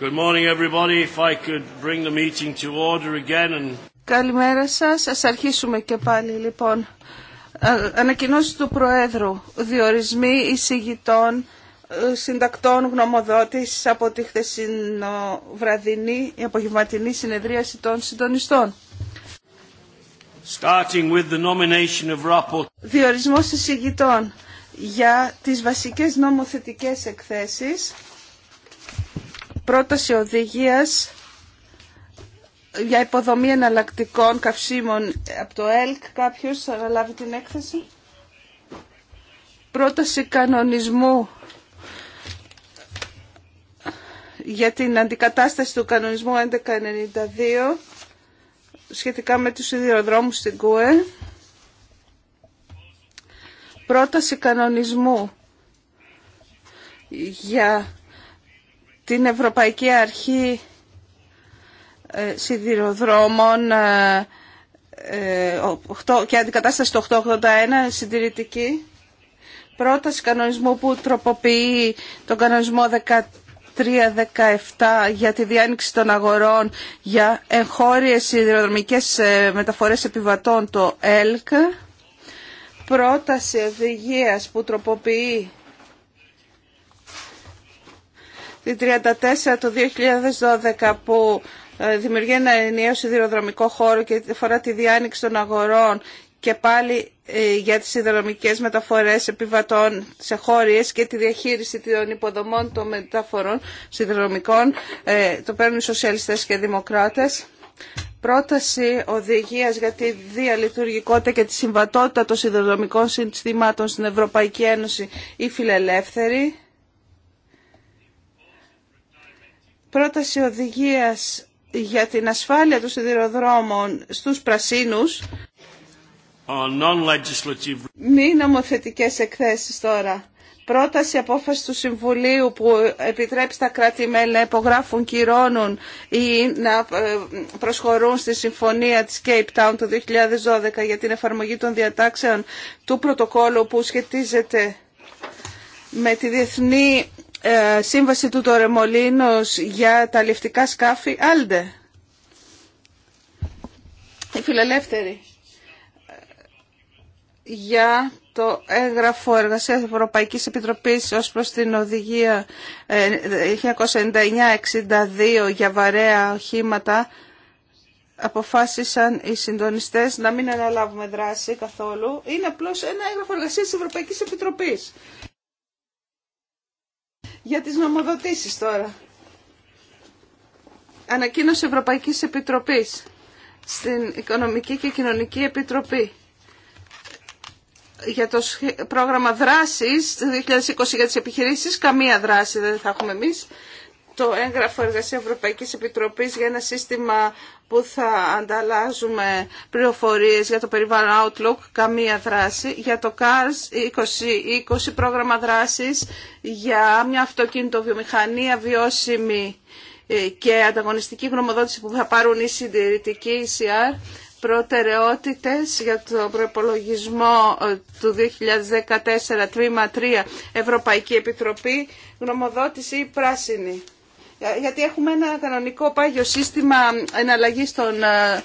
Good morning Καλημέρα σας. Ας αρχίσουμε και πάλι λοιπόν. Ανακοινώσει του Προέδρου. Διορισμοί εισηγητών ε, συντακτών γνωμοδότης από τη χθεσινοβραδινή η απογευματινή συνεδρίαση των συντονιστών. Starting with the nomination of rapport. Διορισμός εισηγητών για τις βασικές νομοθετικές εκθέσεις πρόταση οδηγίας για υποδομή εναλλακτικών καυσίμων από το ΕΛΚ. Κάποιος θα αναλάβει την έκθεση. Πρόταση κανονισμού για την αντικατάσταση του κανονισμού 1192 σχετικά με τους σιδηροδρόμους στην ΚΟΕ. Πρόταση κανονισμού για την Ευρωπαϊκή Αρχή ε, Σιδηροδρόμων ε, ε, και αντικατάσταση του 881 συντηρητική πρόταση κανονισμού που τροποποιεί τον κανονισμό 13-17 για τη διάνοιξη των αγορών για εγχώριες σιδηροδρομικές μεταφορές επιβατών το ΕΛΚ πρόταση οδηγία που τροποποιεί την 34 του 2012 που ε, δημιουργεί ένα ενιαίο σιδηροδρομικό χώρο και φορά τη διάνοιξη των αγορών και πάλι ε, για τις σιδηροδρομικές μεταφορές επιβατών σε χώριες και τη διαχείριση των υποδομών των μεταφορών σιδηροδρομικών ε, το παίρνουν οι σοσιαλιστές και οι δημοκράτες πρόταση οδηγίας για τη διαλειτουργικότητα και τη συμβατότητα των σιδηροδρομικών συστημάτων στην Ευρωπαϊκή Ένωση ή φιλελεύθερη πρόταση οδηγίας για την ασφάλεια των σιδηροδρόμων στους πρασίνους μη νομοθετικές εκθέσεις τώρα. Πρόταση απόφαση του Συμβουλίου που επιτρέπει στα κράτη-μέλη να υπογράφουν, κυρώνουν ή να ε, προσχωρούν στη Συμφωνία της Cape Town το 2012 για την εφαρμογή των διατάξεων του πρωτοκόλου που σχετίζεται με τη διεθνή ε, σύμβαση του Τορεμολίνος για τα ληφτικά σκάφη Άλντε. Η φιλελεύθερη για το έγγραφο εργασίας Ευρωπαϊκής Επιτροπής ως προς την οδηγία 1999-62 ε, για βαρέα οχήματα αποφάσισαν οι συντονιστές να μην αναλάβουμε δράση καθόλου. Είναι απλώς ένα έγγραφο εργασίας της Ευρωπαϊκής Επιτροπής. Για τις νομοδοτήσεις τώρα. Ανακοίνωση Ευρωπαϊκής Επιτροπής στην Οικονομική και Κοινωνική Επιτροπή για το πρόγραμμα δράσης 2020 για τις επιχειρήσεις. Καμία δράση δεν θα έχουμε εμείς το έγγραφο εργασία Ευρωπαϊκής Επιτροπής για ένα σύστημα που θα ανταλλάζουμε πληροφορίε για το περιβάλλον Outlook, καμία δράση, για το CARS 2020 πρόγραμμα δράσης για μια αυτοκίνητο βιομηχανία βιώσιμη ε, και ανταγωνιστική γνωμοδότηση που θα πάρουν οι συντηρητικοί ECR, προτεραιότητες για το προπολογισμό ε, του 2014 τμήμα 3 Ευρωπαϊκή Επιτροπή γνωμοδότηση πράσινη γιατί έχουμε ένα κανονικό πάγιο σύστημα εναλλαγής των ε,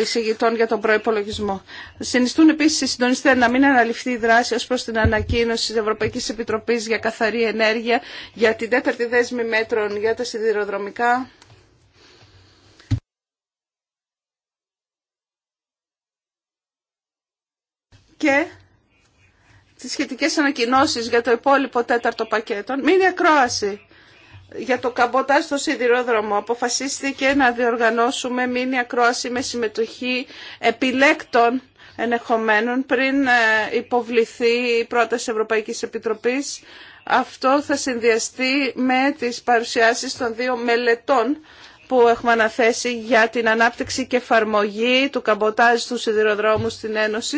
εισηγητών για τον προπολογισμό. Συνιστούν επίση οι συντονιστέ να μην αναλυφθεί η δράση ω προ την ανακοίνωση τη Ευρωπαϊκή Επιτροπή για Καθαρή Ενέργεια για την τέταρτη δέσμη μέτρων για τα σιδηροδρομικά. Και τις σχετικές ανακοινώσεις για το υπόλοιπο τέταρτο πακέτο. Μην ακρόαση για το καμποτάζ στο σιδηρόδρομο αποφασίστηκε να διοργανώσουμε μήνυα ακρόαση με συμμετοχή επιλέκτων ενεχομένων πριν ε, υποβληθεί η πρόταση Ευρωπαϊκής Επιτροπής. Αυτό θα συνδυαστεί με τις παρουσιάσεις των δύο μελετών που έχουμε αναθέσει για την ανάπτυξη και εφαρμογή του καμποτάζ του σιδηροδρόμου στην Ένωση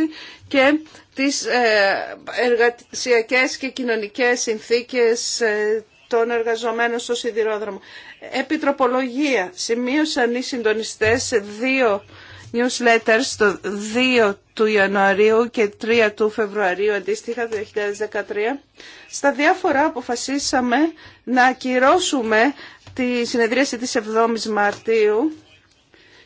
και τις ε, εργασιακές και κοινωνικές συνθήκες ε, των εργαζομένων στο σιδηρόδρομο. Επιτροπολογία. Σημείωσαν οι συντονιστέ σε δύο newsletters το 2 του Ιανουαρίου και 3 του Φεβρουαρίου αντίστοιχα 2013. Στα διάφορα αποφασίσαμε να ακυρώσουμε τη συνεδρίαση της 7ης Μαρτίου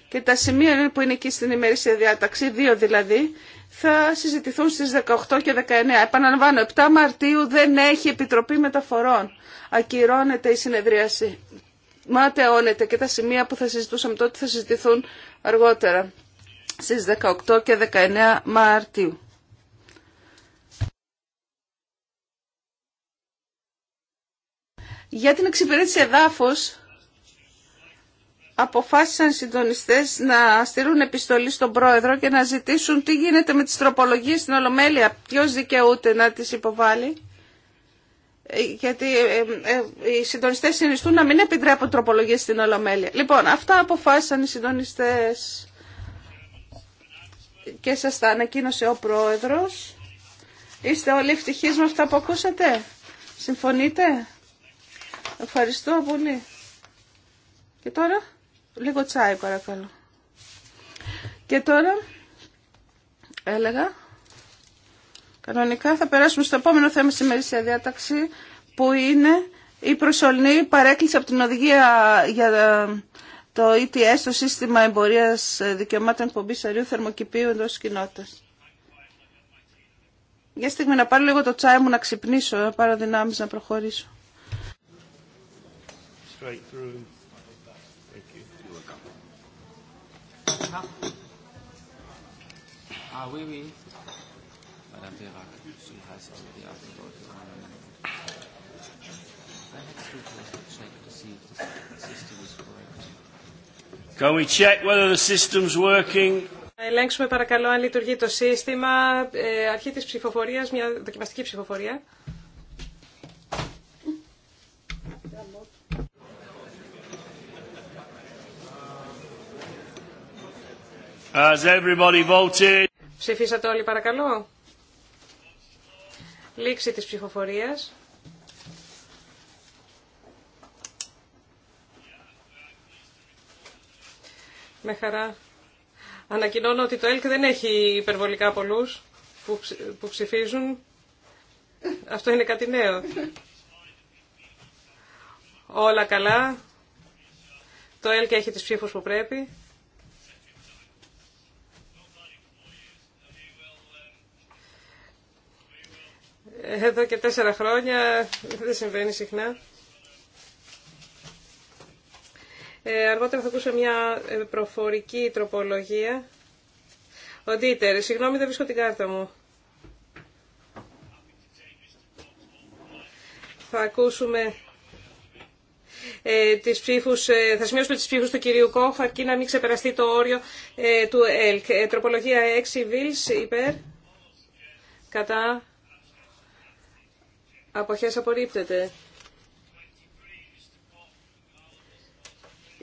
και τα σημεία που είναι εκεί στην ημερήσια διάταξη, δύο δηλαδή, θα συζητηθούν στις 18 και 19. Επαναλαμβάνω, 7 Μαρτίου δεν έχει Επιτροπή Μεταφορών ακυρώνεται η συνεδρίαση. Ματαιώνεται και τα σημεία που θα συζητούσαμε τότε θα συζητηθούν αργότερα στις 18 και 19 Μαρτίου. Για την εξυπηρέτηση εδάφους αποφάσισαν οι συντονιστές να στείλουν επιστολή στον πρόεδρο και να ζητήσουν τι γίνεται με τις τροπολογίες στην Ολομέλεια, ποιος δικαιούται να τις υποβάλει. Ε, γιατί ε, ε, οι συντονιστές συνιστούν να μην επιτρέπουν τροπολογίες στην Ολομέλεια. Λοιπόν, αυτά αποφάσισαν οι συντονιστές και σας τα ανακοίνωσε ο Πρόεδρος. Είστε όλοι ευτυχείς με αυτά που ακούσατε. Συμφωνείτε. Ευχαριστώ πολύ. Και τώρα λίγο τσάι παρακαλώ. Και τώρα έλεγα Κανονικά θα περάσουμε στο επόμενο θέμα στη μερίσια διάταξη που είναι η προσωρινή παρέκκληση από την οδηγία για ε, το ETS, το σύστημα εμπορίας ε, δικαιωμάτων εκπομπής αριού θερμοκηπίου εντός κοινότητας. Για στιγμή να πάρω λίγο το τσάι μου να ξυπνήσω, να πάρω δυνάμεις να προχωρήσω. Ah, oui, Can we check whether the system's working? Ελέγξουμε παρακαλώ αν λειτουργεί το σύστημα. Ε, αρχή της ψηφοφορίας, μια δοκιμαστική ψηφοφορία. Has everybody voted? Ψηφίσατε όλοι παρακαλώ. Λήξη της ψηφοφορίας. Με χαρά. Ανακοινώνω ότι το ΕΛΚ δεν έχει υπερβολικά πολλούς που ψηφίζουν. Αυτό είναι κάτι νέο. Όλα καλά. Το ΕΛΚ έχει τις ψήφους που πρέπει. εδώ και τέσσερα χρόνια, δεν συμβαίνει συχνά. Ε, αργότερα θα ακούσω μια ε, προφορική τροπολογία. Ο Ντίτερ, συγγνώμη δεν βρίσκω την κάρτα μου. Θα ακούσουμε ε, τις ψήφους, ε, θα σημειώσουμε τις ψήφους του κυρίου Κόχ, αρκεί να μην ξεπεραστεί το όριο ε, του ΕΛΚ. τροπολογία 6, Βίλς, υπέρ, κατά, Αποχές απορρίπτεται.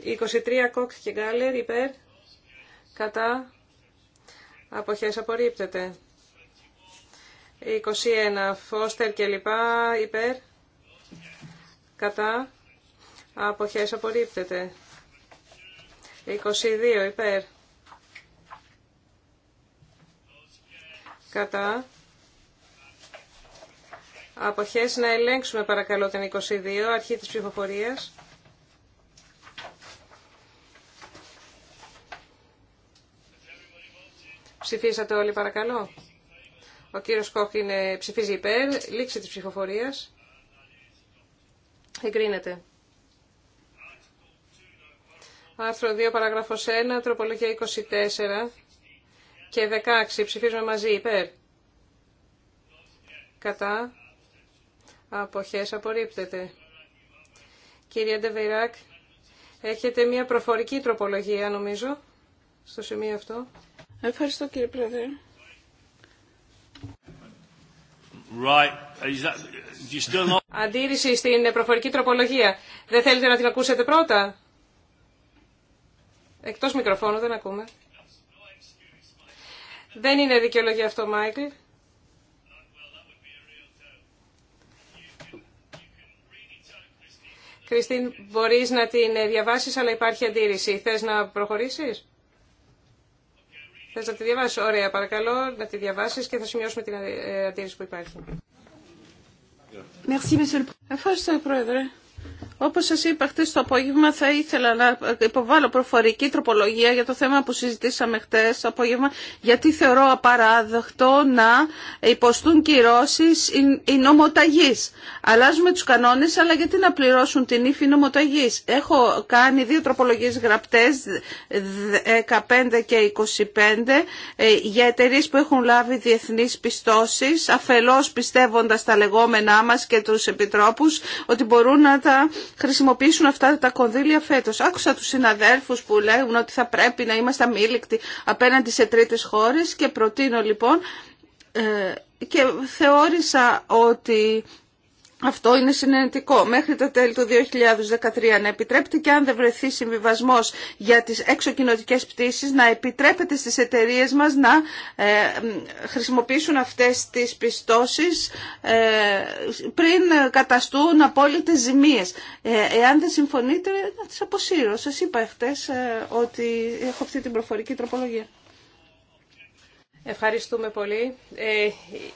23 κόκ και γκάλερ υπέρ. Κατά. Αποχές απορρίπτεται. 21 φώστερ και λοιπά υπέρ. Κατά. Αποχές απορρίπτεται. 22 υπέρ. Κατά. Αποχές να ελέγξουμε παρακαλώ την 22, αρχή της ψηφοφορίας. Ψηφίσατε όλοι παρακαλώ. Ο κύριος Κόχ είναι, ψηφίζει υπέρ, λήξη της ψηφοφορίας. Εγκρίνεται. Άρθρο 2, παράγραφος 1, τροπολογία 24 και 16. Ψηφίζουμε μαζί υπέρ. Κατά αποχές απορρίπτεται. Κύριε Ντεβεϊράκ, έχετε μια προφορική τροπολογία νομίζω στο σημείο αυτό. Ευχαριστώ κύριε Πρόεδρε. Right. That... not... Αντίρρηση στην προφορική τροπολογία. Δεν θέλετε να την ακούσετε πρώτα. Εκτός μικροφώνου δεν ακούμε. Δεν είναι δικαιολογία αυτό, Μάικλ. Κριστίν, μπορείς να την ε, διαβάσεις, αλλά υπάρχει αντίρρηση. Θες να προχωρήσεις? Θες να τη διαβάσεις. Ωραία, παρακαλώ να τη διαβάσεις και θα σημειώσουμε την ε, αντίρρηση που υπάρχει. Ευχαριστώ, Πρόεδρε. Όπως σα είπα χτε το απόγευμα θα ήθελα να υποβάλω προφορική τροπολογία για το θέμα που συζητήσαμε χτε το απόγευμα γιατί θεωρώ απαράδεκτο να υποστούν κυρώσει οι νομοταγεί. Αλλάζουμε τους κανόνες αλλά γιατί να πληρώσουν την ύφη νομοταγής. Έχω κάνει δύο τροπολογίες γραπτές 15 και 25 ε, για εταιρείε που έχουν λάβει διεθνεί πιστώσει, αφελώ, πιστεύοντα τα λεγόμενά μα και του επιτρόπους ότι μπορούν να τα χρησιμοποιήσουν αυτά τα κονδύλια φέτο. Άκουσα του συναδέλφου που λέγουν ότι θα πρέπει να είμαστε αμήλικτοι απέναντι σε τρίτε χώρε και προτείνω λοιπόν ε, και θεώρησα ότι αυτό είναι συνενετικό. Μέχρι το τέλη του 2013 να επιτρέπεται και αν δεν βρεθεί συμβιβασμό για τις εξοκοινωτικές πτήσει, να επιτρέπεται στις εταιρείε μας να ε, χρησιμοποιήσουν αυτές τις πιστώσει ε, πριν καταστούν απόλυτε ζημίες. Ε, εάν δεν συμφωνείτε να τις αποσύρω. Σα είπα ε, ότι έχω αυτή την προφορική τροπολογία. Ευχαριστούμε πολύ. Ε,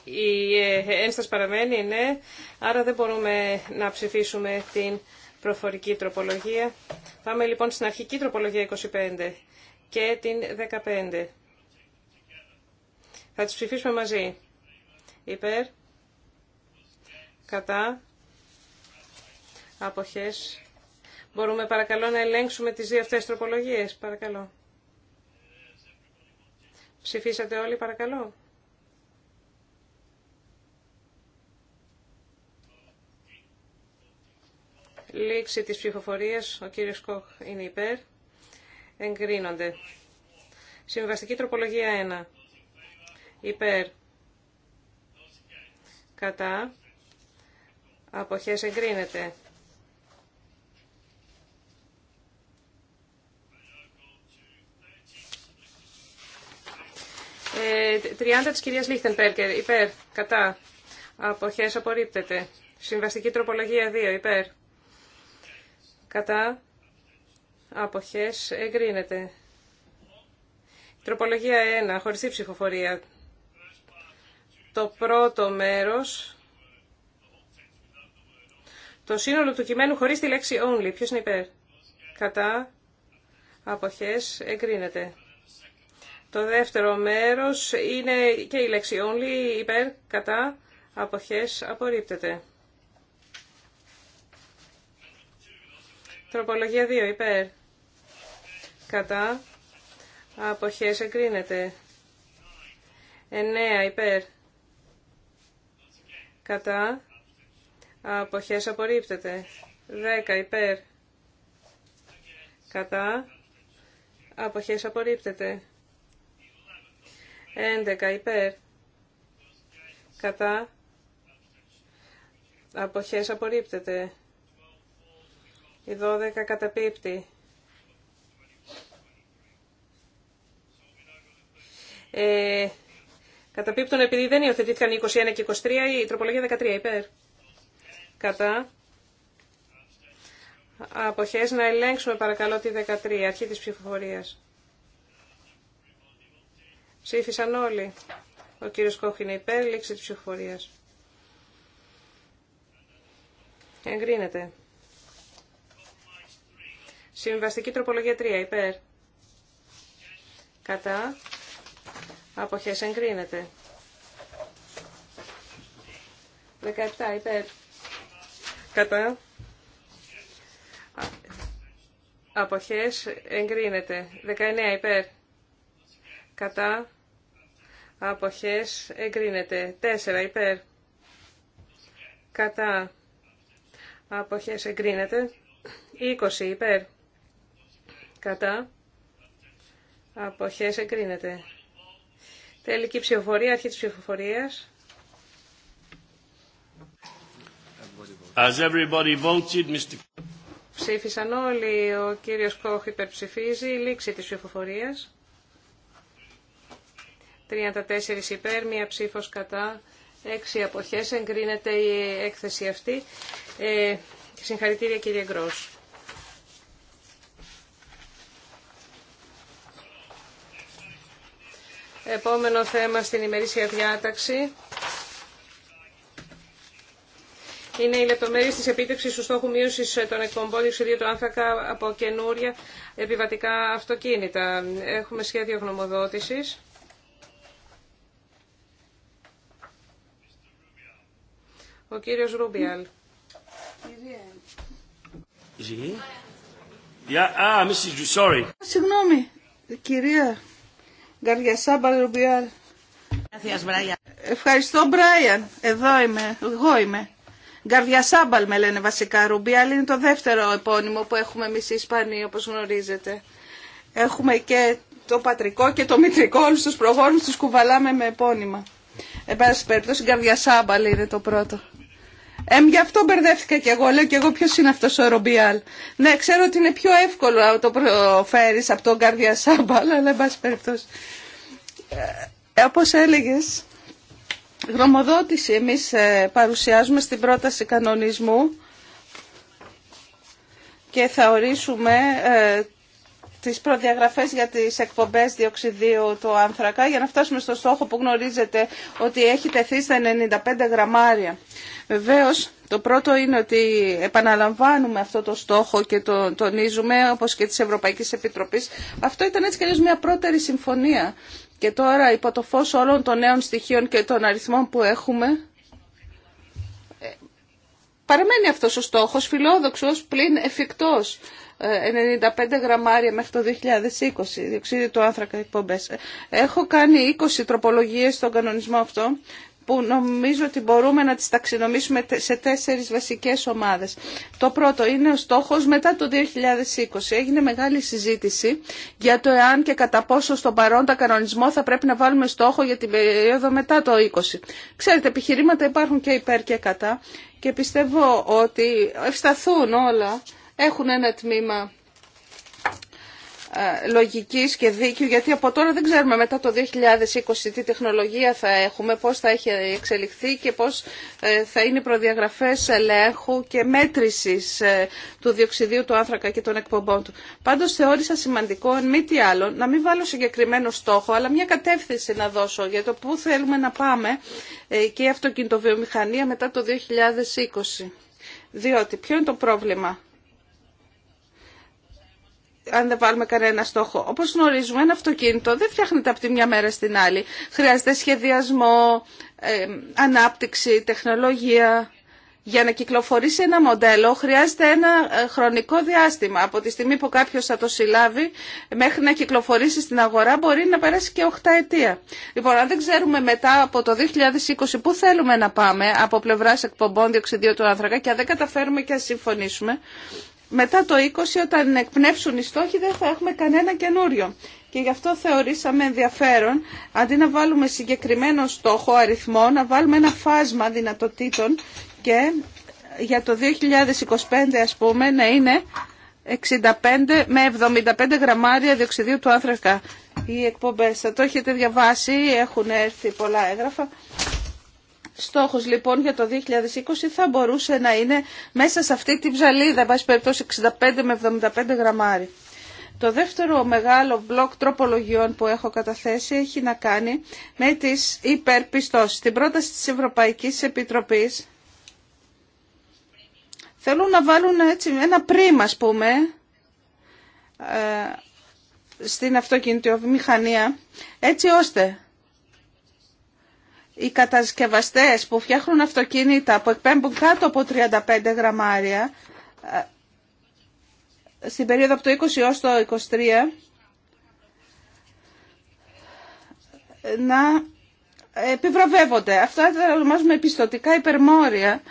η ε, ένσταση παραμένει, ναι, άρα δεν μπορούμε να ψηφίσουμε την προφορική τροπολογία. Πάμε λοιπόν στην αρχική τροπολογία 25 και την 15. Θα τις ψηφίσουμε μαζί. Υπέρ, κατά, αποχές. Μπορούμε παρακαλώ να ελέγξουμε τις δύο αυτές τροπολογίες, παρακαλώ. Ψηφίσατε όλοι παρακαλώ. Λήξη της ψηφοφορίας, ο κύριος Κοχ είναι υπέρ. Εγκρίνονται. Συμβαστική τροπολογία 1. Υπέρ. Κατά. Αποχές εγκρίνεται. 30 ε, της κυρίας Πέρκερ. υπέρ, κατά. Αποχές απορρίπτεται. Συμβαστική τροπολογία 2, υπέρ. Κατά. Αποχές εγκρίνεται. Τροπολογία 1, χωριστή ψηφοφορία. Το πρώτο μέρος. Το σύνολο του κειμένου χωρίς τη λέξη only. Ποιος είναι υπέρ. Κατά. Αποχές εγκρίνεται. Το δεύτερο μέρος είναι και η λέξη only, υπέρ, κατά, αποχές, απορρίπτεται. Τροπολογία 2, υπέρ, κατά, αποχές, εγκρίνεται. 9, υπέρ, κατά, αποχές, απορρίπτεται. 10, υπέρ, κατά, αποχές, απορρίπτεται. 11 υπέρ. Κατά. Αποχές απορρίπτεται. Η 12 καταπίπτει. Ε, καταπίπτουν επειδή δεν υιοθετήθηκαν 21 και 23, η τροπολογία 13 υπέρ. Κατά. Αποχές να ελέγξουμε παρακαλώ τη 13, αρχή της ψηφοφορίας. Ψήφισαν όλοι. Ο κύριος Κόχ είναι υπέρ, λήξη της ψηφοφορίας. Εγκρίνεται. Συμβαστική τροπολογία 3, υπέρ. Κατά. Αποχές εγκρίνεται. 17, υπέρ. Κατά. Αποχές εγκρίνεται. 19, υπέρ κατά αποχές εγκρίνεται. 4 υπέρ κατά αποχές εγκρίνεται. 20 υπέρ κατά αποχές εγκρίνεται. Τελική ψηφοφορία, αρχή της ψηφοφορίας. As everybody voted, Mr. Ψήφισαν όλοι, ο κύριος Κόχ υπερψηφίζει, λήξη της ψηφοφορίας. 34 υπέρ, μία ψήφος κατά, 6 αποχές. Εγκρίνεται η έκθεση αυτή. Ε, συγχαρητήρια κύριε Γκρός. Επόμενο θέμα στην ημερήσια διάταξη είναι η λεπτομέρειε τη επίτευξη του στόχου μείωση των εκπομπών διοξιδίου του άνθρακα από καινούρια επιβατικά αυτοκίνητα. Έχουμε σχέδιο γνωμοδότηση. Ο κύριος Ρούμπιαλ. Ah, Συγγνώμη, κυρία Γκαριασά Ρουμπιάλ. Ευχαριστώ, Μπράιαν. Εδώ είμαι. Εγώ είμαι. Γκαρδιασάμπαλ με λένε βασικά. Ρουμπιάλ είναι το δεύτερο επώνυμο που έχουμε εμεί οι Ισπανοί, όπω γνωρίζετε. Έχουμε και το πατρικό και το μητρικό. Όλου του προγόνου του κουβαλάμε με επώνυμα. Εν πάση περιπτώσει, Γκαρδιασάμπαλ είναι το πρώτο. Ε, γι' αυτό μπερδεύτηκα κι εγώ. Λέω κι εγώ ποιο είναι αυτό ο Ρομπιάλ. Ναι, ξέρω ότι είναι πιο εύκολο να το προφέρει από τον Καρδιά αλλά εν πάση περιπτώσει. Ε, Όπω έλεγε, γνωμοδότηση εμεί ε, παρουσιάζουμε στην πρόταση κανονισμού και θα ορίσουμε ε, τις προδιαγραφές για τις εκπομπές διοξιδίου του άνθρακα για να φτάσουμε στο στόχο που γνωρίζετε ότι έχει τεθεί στα 95 γραμμάρια. Βεβαίως, το πρώτο είναι ότι επαναλαμβάνουμε αυτό το στόχο και το τονίζουμε, όπως και της Ευρωπαϊκής Επιτροπής. Αυτό ήταν έτσι και μια πρώτερη συμφωνία. Και τώρα, υπό το φως όλων των νέων στοιχείων και των αριθμών που έχουμε, Παραμένει αυτός ο στόχος φιλόδοξος πλην εφικτός. 95 ε, γραμμάρια μέχρι το 2020, διοξίδιο του άνθρακα εκπομπές. Έχω κάνει 20 τροπολογίες στον κανονισμό αυτό που νομίζω ότι μπορούμε να τις ταξινομήσουμε σε τέσσερις βασικές ομάδες. Το πρώτο είναι ο στόχος μετά το 2020. Έγινε μεγάλη συζήτηση για το εάν και κατά πόσο στον παρόντα κανονισμό θα πρέπει να βάλουμε στόχο για την περίοδο μετά το 20. Ξέρετε, επιχειρήματα υπάρχουν και υπέρ και κατά και πιστεύω ότι ευσταθούν όλα, έχουν ένα τμήμα ε, λογικής και δίκαιου, γιατί από τώρα δεν ξέρουμε μετά το 2020 τι τεχνολογία θα έχουμε, πώς θα έχει εξελιχθεί και πώς ε, θα είναι οι προδιαγραφές ελέγχου και μέτρησης ε, του διοξιδίου του άνθρακα και των εκπομπών του. Πάντως θεώρησα σημαντικό, αν μη τι άλλο, να μην βάλω συγκεκριμένο στόχο, αλλά μια κατεύθυνση να δώσω για το πού θέλουμε να πάμε και η αυτοκινητοβιομηχανία μετά το 2020. Διότι ποιο είναι το πρόβλημα αν δεν βάλουμε κανένα στόχο. Όπω γνωρίζουμε, ένα αυτοκίνητο δεν φτιάχνεται από τη μια μέρα στην άλλη. Χρειάζεται σχεδιασμό, ε, ανάπτυξη, τεχνολογία. Για να κυκλοφορήσει ένα μοντέλο χρειάζεται ένα ε, χρονικό διάστημα. Από τη στιγμή που κάποιος θα το συλλάβει μέχρι να κυκλοφορήσει στην αγορά μπορεί να περάσει και 8 ετία. Λοιπόν, αν δεν ξέρουμε μετά από το 2020 πού θέλουμε να πάμε από πλευράς εκπομπών διοξιδίου του άνθρακα και αν δεν καταφέρουμε και συμφωνήσουμε, μετά το 20 όταν εκπνεύσουν οι στόχοι δεν θα έχουμε κανένα καινούριο. Και γι' αυτό θεωρήσαμε ενδιαφέρον, αντί να βάλουμε συγκεκριμένο στόχο αριθμό, να βάλουμε ένα φάσμα δυνατοτήτων και για το 2025 ας πούμε να είναι 65 με 75 γραμμάρια διοξιδίου του άνθρακα. Οι εκπομπές θα το έχετε διαβάσει, έχουν έρθει πολλά έγγραφα στόχος λοιπόν για το 2020 θα μπορούσε να είναι μέσα σε αυτή την ψαλίδα, βάση περιπτώσει 65 με 75 γραμμάρι. Το δεύτερο μεγάλο μπλοκ τροπολογιών που έχω καταθέσει έχει να κάνει με τις υπερπιστώσεις. Στην πρόταση της Ευρωπαϊκής Επιτροπής θέλουν να βάλουν έτσι ένα πρίμα, ας πούμε, ε, στην αυτοκινητοβιομηχανία, έτσι ώστε οι κατασκευαστές που φτιάχνουν αυτοκίνητα που εκπέμπουν κάτω από 35 γραμμάρια ε, στην περίοδο από το 20 έως το 23 να επιβραβεύονται. Αυτά τα ονομάζουμε επιστοτικά υπερμόρια.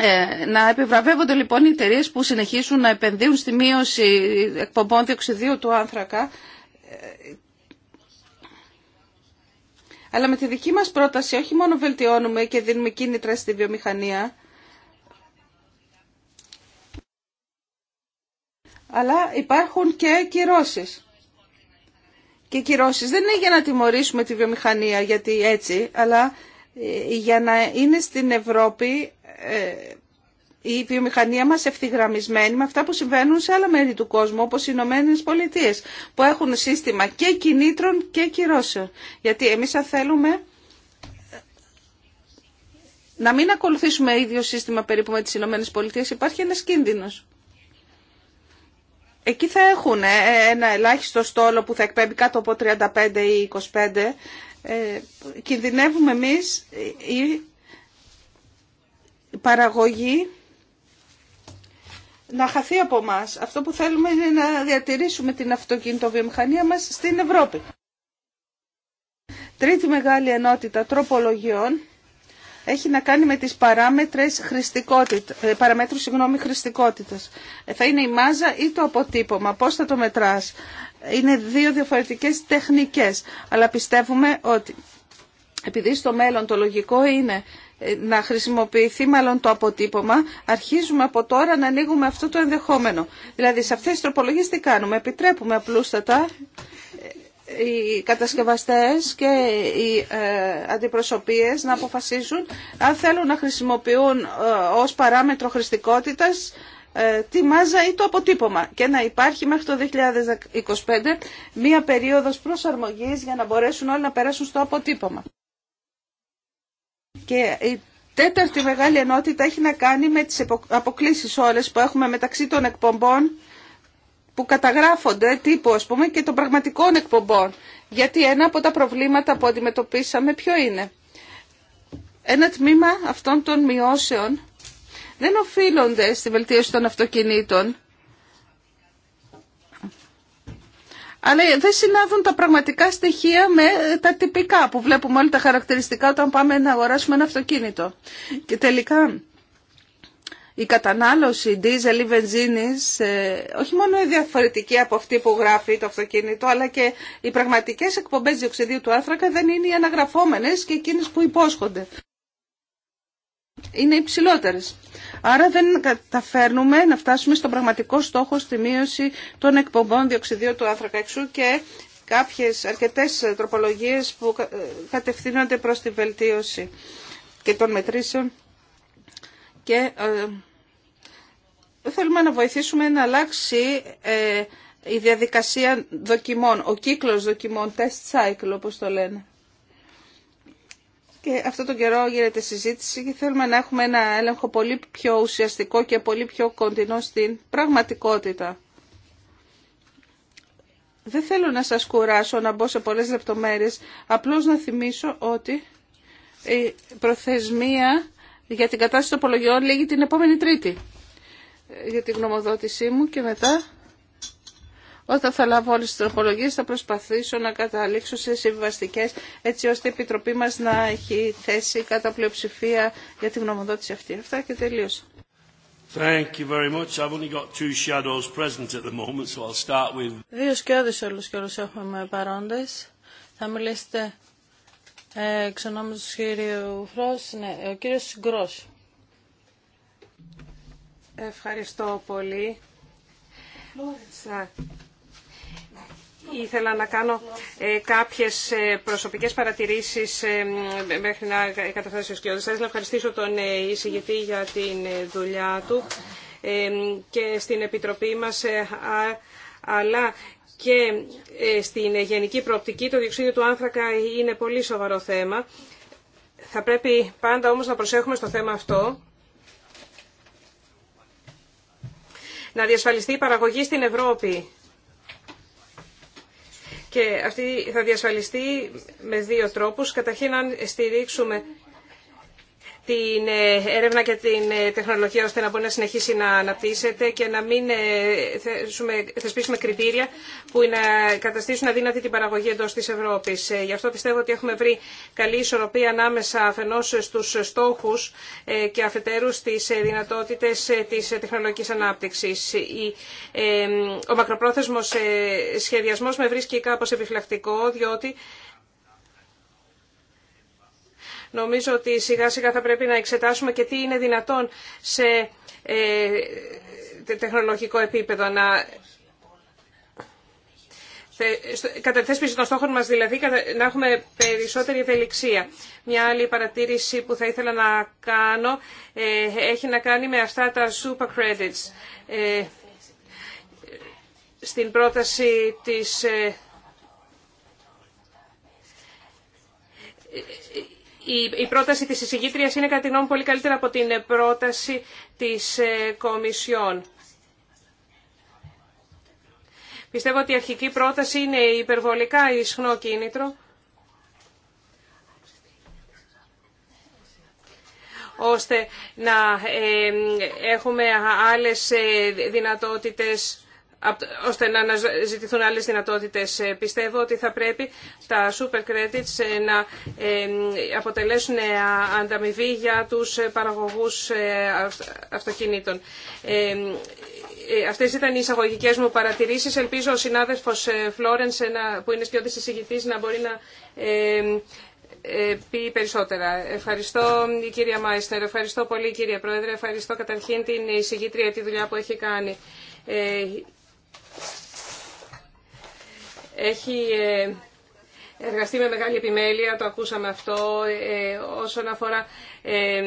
Ε, να επιβραβεύονται λοιπόν οι εταιρείε που συνεχίσουν να επενδύουν στη μείωση εκπομπών διοξιδίου του άνθρακα ε, αλλά με τη δική μας πρόταση όχι μόνο βελτιώνουμε και δίνουμε κίνητρα στη βιομηχανία, αλλά υπάρχουν και κυρώσεις. Και κυρώσεις δεν είναι για να τιμωρήσουμε τη βιομηχανία γιατί έτσι, αλλά ε, για να είναι στην Ευρώπη ε, η βιομηχανία μας ευθυγραμμισμένη με αυτά που συμβαίνουν σε άλλα μέρη του κόσμου, όπως οι Ηνωμένε Πολιτείε, που έχουν σύστημα και κινήτρων και κυρώσεων. Γιατί εμείς θα θέλουμε να μην ακολουθήσουμε ίδιο σύστημα περίπου με τις Ηνωμένε Πολιτείες, υπάρχει ένας κίνδυνος. Εκεί θα έχουν ε, ένα ελάχιστο στόλο που θα εκπέμπει κάτω από 35 ή 25. Ε, κινδυνεύουμε εμείς η παραγωγή να χαθεί από εμά. Αυτό που θέλουμε είναι να διατηρήσουμε την αυτοκινητοβιομηχανία μας στην Ευρώπη. Τρίτη μεγάλη ενότητα τροπολογιών έχει να κάνει με τις παράμετρες χρηστικότητα, ε, παραμέτρους συγγνώμη, χρηστικότητας. Ε, θα είναι η μάζα ή το αποτύπωμα. Πώς θα το μετράς. Είναι δύο διαφορετικές τεχνικές. Αλλά πιστεύουμε ότι επειδή στο μέλλον το λογικό είναι ε, να χρησιμοποιηθεί μάλλον το αποτύπωμα, αρχίζουμε από τώρα να ανοίγουμε αυτό το ενδεχόμενο. Δηλαδή σε αυτές τις τροπολογίες τι κάνουμε, επιτρέπουμε απλούστατα ε, οι κατασκευαστές και οι ε, αντιπροσωπείες να αποφασίσουν αν θέλουν να χρησιμοποιούν ως παράμετρο χρηστικότητας τη μάζα ή το αποτύπωμα και να υπάρχει μέχρι το 2025 μία περίοδος προσαρμογής για να μπορέσουν όλοι να περάσουν στο αποτύπωμα. Και η τέταρτη μεγάλη ενότητα έχει να κάνει με τις αποκλήσεις όλες που έχουμε μεταξύ των εκπομπών που καταγράφονται τύπου ας πούμε και των πραγματικών εκπομπών. Γιατί ένα από τα προβλήματα που αντιμετωπίσαμε ποιο είναι. Ένα τμήμα αυτών των μειώσεων δεν οφείλονται στη βελτίωση των αυτοκινήτων αλλά δεν συνάδουν τα πραγματικά στοιχεία με τα τυπικά που βλέπουμε όλα τα χαρακτηριστικά όταν πάμε να αγοράσουμε ένα αυτοκίνητο. Και τελικά η κατανάλωση δίζελ ή βενζίνης ε, όχι μόνο είναι διαφορετική από αυτή που γράφει το αυτοκίνητο αλλά και οι πραγματικές εκπομπές διοξιδίου του άνθρακα δεν είναι οι αναγραφόμενες και εκείνες που υπόσχονται. Είναι υψηλότερε. Άρα δεν καταφέρνουμε να φτάσουμε στον πραγματικό στόχο στη μείωση των εκπομπών διοξιδίου του άνθρακα εξού και κάποιες αρκετές τροπολογίες που κατευθύνονται προς τη βελτίωση και των μετρήσεων και ε, θέλουμε να βοηθήσουμε να αλλάξει ε, η διαδικασία δοκιμών, ο κύκλος δοκιμών, test cycle όπως το λένε. Και αυτό τον καιρό γίνεται συζήτηση και θέλουμε να έχουμε ένα έλεγχο πολύ πιο ουσιαστικό και πολύ πιο κοντινό στην πραγματικότητα. Δεν θέλω να σας κουράσω να μπω σε πολλές λεπτομέρειες, απλώς να θυμίσω ότι η προθεσμία για την κατάσταση των απολογιών λήγει την επόμενη Τρίτη για την γνωμοδότησή μου και μετά όταν θα λάβω όλες τις τροπολογίες θα προσπαθήσω να καταλήξω σε συμβαστικές έτσι ώστε η Επιτροπή μας να έχει θέση κατά πλειοψηφία για τη γνωμοδότηση αυτή. Αυτά και τελείωσα. Thank you very much. I've only got two shadows present at the moment, so I'll start with... Δύο σκιώδεις όλους και όλους έχουμε παρόντες. Θα μιλήσετε ε, εξ ονόμου του κύριου Φρός. Ναι, ο κύριος Γκρός. Ευχαριστώ πολύ. Λόρες. Ήθελα να κάνω ε, κάποιες ε, προσωπικές παρατηρήσεις ε, μέχρι να καταφέρω ο Σκιώδης. Θα ήθελα να ευχαριστήσω τον εισηγητή για την δουλειά του και στην Επιτροπή μας, αλλά και στην γενική προοπτική το διοξείδιο του άνθρακα είναι πολύ σοβαρό θέμα. Θα πρέπει πάντα όμως να προσέχουμε στο θέμα αυτό. Να διασφαλιστεί η παραγωγή στην Ευρώπη. Και αυτή θα διασφαλιστεί με δύο τρόπους. Καταρχήν αν στηρίξουμε την ε, έρευνα και την ε, τεχνολογία ώστε να μπορεί να συνεχίσει να αναπτύσσεται και να μην ε, θεσπίσουμε κριτήρια που να καταστήσουν αδύνατη την παραγωγή εντός της Ευρώπης. Γι' αυτό πιστεύω ότι έχουμε βρει καλή ισορροπία ανάμεσα αφενός στους στόχους και αφετέρου στις δυνατότητες της τεχνολογικής ανάπτυξης. Ο μακροπρόθεσμος σχεδιασμός με βρίσκει κάπως επιφυλακτικό διότι Νομίζω ότι σιγά σιγά θα πρέπει να εξετάσουμε και τι είναι δυνατόν σε ε, τεχνολογικό επίπεδο να κατά τη θέσπιση των στόχων μας δηλαδή να έχουμε περισσότερη ευελιξία. Μια άλλη παρατήρηση που θα ήθελα να κάνω ε, έχει να κάνει με αυτά τα super credits. Ε, στην πρόταση της η, πρόταση της εισηγήτριας είναι κατά τη γνώμη πολύ καλύτερη από την πρόταση της ε, Κομισιόν. Πιστεύω ότι η αρχική πρόταση είναι υπερβολικά ισχνό κίνητρο. ώστε να ε, έχουμε άλλες ε, δυνατότητες ώστε να αναζητηθούν άλλες δυνατότητες. Ε, πιστεύω ότι θα πρέπει τα super credits ε, να ε, αποτελέσουν ανταμοιβή για τους παραγωγούς αυτοκινήτων. Αυτές ήταν οι εισαγωγικέ μου παρατηρήσεις. Ελπίζω ο συνάδελφο Φλόρενς, που είναι σκιώδη εισηγητής, να μπορεί να πει περισσότερα. Ευχαριστώ η κυρία Μάισνερ, ευχαριστώ πολύ κύριε Πρόεδρε, ευχαριστώ καταρχήν την εισηγήτρια τη δουλειά που έχει κάνει. Έχει ε, εργαστεί με μεγάλη επιμέλεια, το ακούσαμε αυτό, ε, όσον αφορά ε,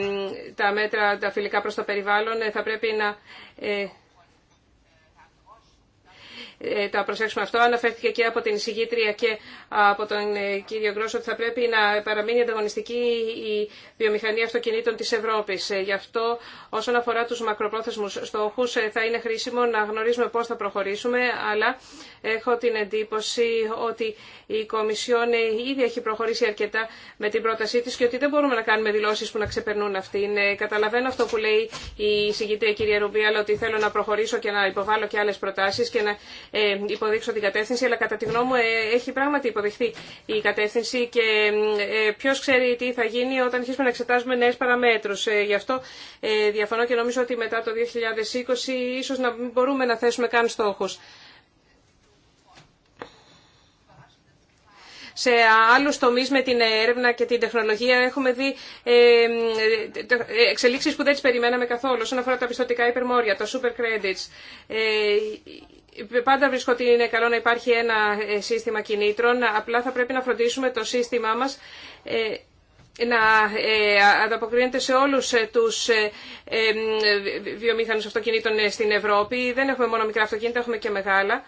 τα μέτρα τα φιλικά προς το περιβάλλον. Θα πρέπει να ε, τα προσέξουμε αυτό. Αναφέρθηκε και από την εισηγήτρια και από τον ε, κύριο Γκρόσο ότι θα πρέπει να παραμείνει ανταγωνιστική η βιομηχανία αυτοκινήτων της Ευρώπης. Ε, γι' αυτό όσον αφορά τους μακροπρόθεσμους στόχους θα είναι χρήσιμο να γνωρίζουμε πώς θα προχωρήσουμε, αλλά έχω την εντύπωση ότι η Κομισιόν ήδη έχει προχωρήσει αρκετά με την πρότασή της και ότι δεν μπορούμε να κάνουμε δηλώσεις που να ξεπερνούν αυτήν. Καταλαβαίνω αυτό που λέει η συγγήτρια κυρία Ρουμπή, αλλά ότι θέλω να προχωρήσω και να υποβάλω και άλλες προτάσεις και να ε, υποδείξω την κατεύθυνση, αλλά κατά τη γνώμη μου ε, έχει πράγματι υποδεχθεί η κατεύθυνση και ε, ποιο ξέρει τι θα γίνει όταν αρχίσουμε να εξετάζουμε νέε παραμέτρου. Γι' αυτό διαφωνώ και νομίζω ότι μετά το 2020 ίσω να μην μπορούμε να θέσουμε καν στόχου. σε άλλου τομεί με την έρευνα και την τεχνολογία έχουμε δει εξελίξει που δεν τι περιμέναμε καθόλου όσον αφορά τα πιστοτικά υπερμόρια, τα super credits. Πάντα βρίσκω ότι είναι καλό να υπάρχει ένα ε, σύστημα κινήτρων, απλά θα πρέπει να φροντίσουμε το σύστημά μας ε, να ε, ανταποκρίνεται σε όλους τους βιομηχανούς αυτοκινήτων στην Ευρώπη. Δεν έχουμε μόνο μικρά αυτοκίνητα, έχουμε και μεγάλα.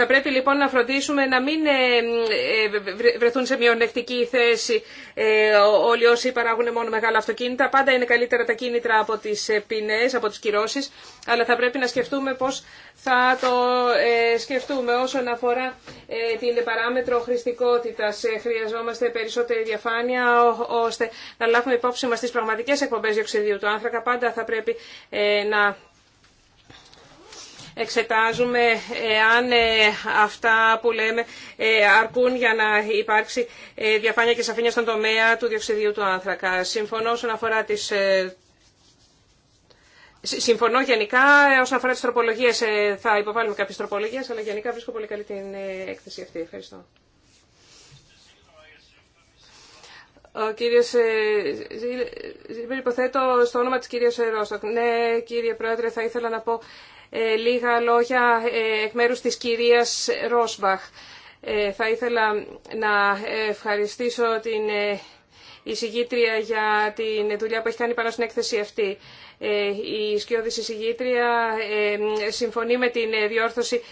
Θα πρέπει λοιπόν να φροντίσουμε να μην ε, ε, βρεθούν σε μειονεκτική θέση ε, όλοι όσοι παράγουν μόνο μεγάλα αυτοκίνητα. Πάντα είναι καλύτερα τα κίνητρα από τις ποινές, από τις κυρώσεις, αλλά θα πρέπει να σκεφτούμε πώς θα το σκεφτούμε. Όσον αφορά την παράμετρο χρηστικότητας, χρειαζόμαστε περισσότερη διαφάνεια ώστε να λάβουμε υπόψη μας τις πραγματικές εκπομπές διοξιδίου του άνθρακα. Πάντα θα πρέπει να εξετάζουμε αν ε, αυτά που λέμε ε, αρκούν για να υπάρξει ε, διαφάνεια και σαφήνεια στον τομέα του διοξιδίου του άνθρακα. Συμφωνώ όσον αφορά τις Συμφωνώ γενικά. Όσον αφορά τι τροπολογίε, θα υποβάλουμε κάποιε τροπολογίε, αλλά γενικά βρίσκω πολύ καλή την έκθεση αυτή. Ευχαριστώ. Ο υποθέτω στο όνομα της κυρίας Ναι, κύριε Πρόεδρε, θα ήθελα να πω ε, λίγα λόγια ε, εκ μέρους της κυρίας Ρόσμπαχ. Ε, θα ήθελα να ευχαριστήσω την εισηγήτρια για την δουλειά που έχει κάνει πάνω στην έκθεση αυτή. Η σκιώδης εισηγήτρια συμφωνεί με την διόρθωση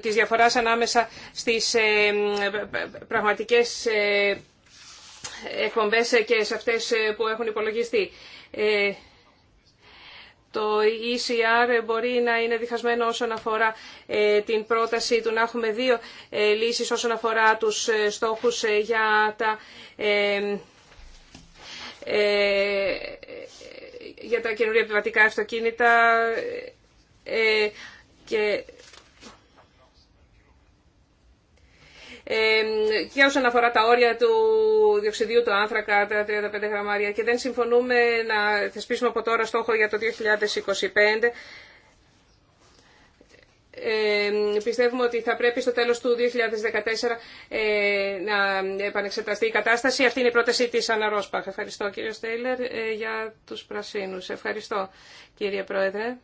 της διαφοράς ανάμεσα στις πραγματικές εκπομπές και σε αυτές που έχουν υπολογιστεί το ECR μπορεί να είναι διχασμένο όσον αφορά ε, την πρόταση του να έχουμε δύο ε, λύσεις όσον αφορά τους ε, στόχους για τα για τα καινούργια επιβατικά αυτοκίνητα και και όσον αφορά τα όρια του διοξιδίου του άνθρακα, τα 35 γραμμάρια και δεν συμφωνούμε να θεσπίσουμε από τώρα στόχο για το 2025. Ε, πιστεύουμε ότι θα πρέπει στο τέλος του 2014 ε, να επανεξεταστεί η κατάσταση. Αυτή είναι η πρόταση της Αναρόσπαχ. Ευχαριστώ κύριε Στέιλερ ε, για τους πρασίνους. Ευχαριστώ κύριε Πρόεδρε.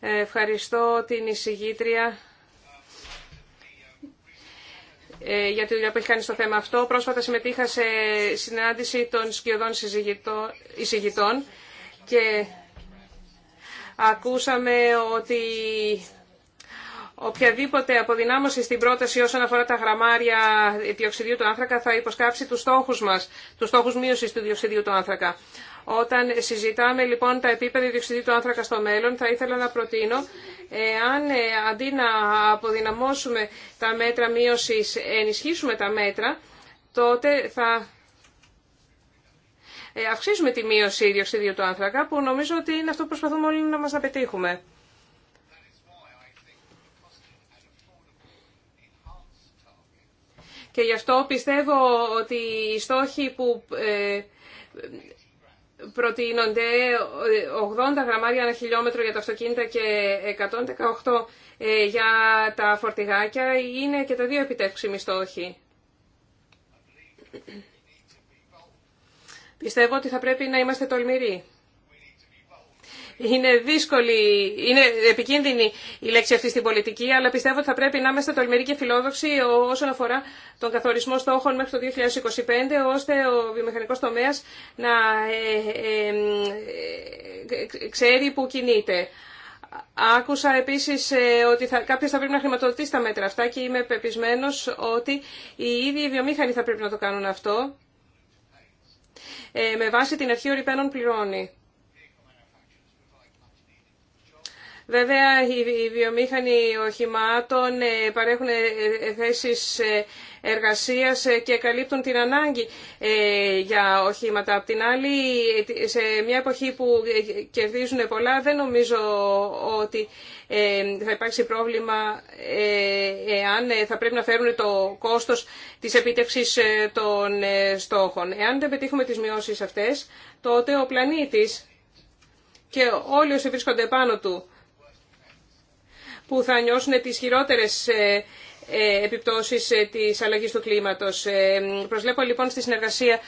Ευχαριστώ την εισηγήτρια ε, για τη δουλειά που έχει κάνει στο θέμα αυτό. Πρόσφατα συμμετείχα σε συνάντηση των σκιωδών εισηγητών και ακούσαμε ότι οποιαδήποτε αποδυνάμωση στην πρόταση όσον αφορά τα γραμμάρια διοξιδίου του άνθρακα θα υποσκάψει τους στόχους μας, τους στόχους μείωσης του διοξιδίου του άνθρακα. Όταν συζητάμε λοιπόν τα επίπεδα διοξιδίου του άνθρακα στο μέλλον, θα ήθελα να προτείνω αν ε, αντί να αποδυναμώσουμε τα μέτρα μείωσης, ενισχύσουμε τα μέτρα, τότε θα ε, αυξήσουμε τη μείωση διοξιδίου του άνθρακα, που νομίζω ότι είναι αυτό που προσπαθούμε όλοι να μας να πετύχουμε. Και γι' αυτό πιστεύω ότι οι στόχοι που ε, προτείνονται 80 γραμμάρια ένα χιλιόμετρο για τα αυτοκίνητα και 118 ε, για τα φορτηγάκια. Είναι και τα δύο επιτεύξιμοι στόχοι. Πιστεύω ότι θα πρέπει να είμαστε τολμηροί. Είναι δύσκολη, είναι επικίνδυνη η λέξη αυτή στην πολιτική, αλλά πιστεύω ότι θα πρέπει να είμαστε τολμηροί και φιλόδοξοι όσον αφορά τον καθορισμό στόχων μέχρι το 2025, ώστε ο βιομηχανικός τομέας να ε, ε, ε, ξέρει που κινείται. Άκουσα επίσης ότι θα, θα πρέπει να χρηματοδοτήσει τα μέτρα αυτά και είμαι πεπισμένος ότι οι ίδιοι οι βιομήχανοι θα πρέπει να το κάνουν αυτό με βάση την αρχή ο πληρώνει. Βέβαια, οι βιομήχανοι οχημάτων ε, παρέχουν ε, ε, θέσεις εργασίας και καλύπτουν την ανάγκη για οχήματα. Απ' την άλλη, σε μια εποχή που κερδίζουν πολλά, δεν νομίζω ότι θα υπάρξει πρόβλημα εάν θα πρέπει να φέρουν το κόστος της επίτευξης των στόχων. Εάν δεν πετύχουμε τις μειώσεις αυτές, τότε ο πλανήτης και όλοι όσοι βρίσκονται πάνω του που θα νιώσουν τις χειρότερες ε, ε, επιπτώσεις ε, της αλλαγής του κλίματος. Προσλέπω λοιπόν στη συνεργασία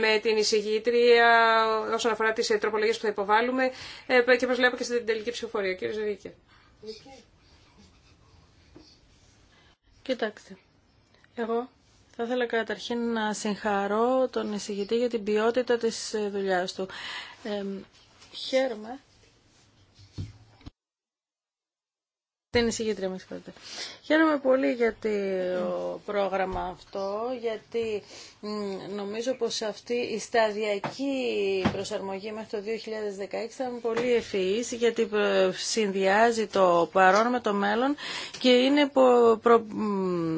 με την εισηγήτρια όσον αφορά τις τροπολογίες που θα υποβάλουμε και προσλέπω και στην τελική ψηφοφορία. Κύριε Ζερίκε. Κοιτάξτε, εγώ θα ήθελα καταρχήν να συγχαρώ τον εισηγητή για την ποιότητα της δουλειάς του. χαίρομαι η εισηγήτρια μας Χαίρομαι πολύ για το πρόγραμμα αυτό, γιατί νομίζω πως αυτή η σταδιακή προσαρμογή μέχρι το 2016 θα είναι πολύ ευφυής, γιατί ε, συνδυάζει το παρόν με το μέλλον και είναι προ,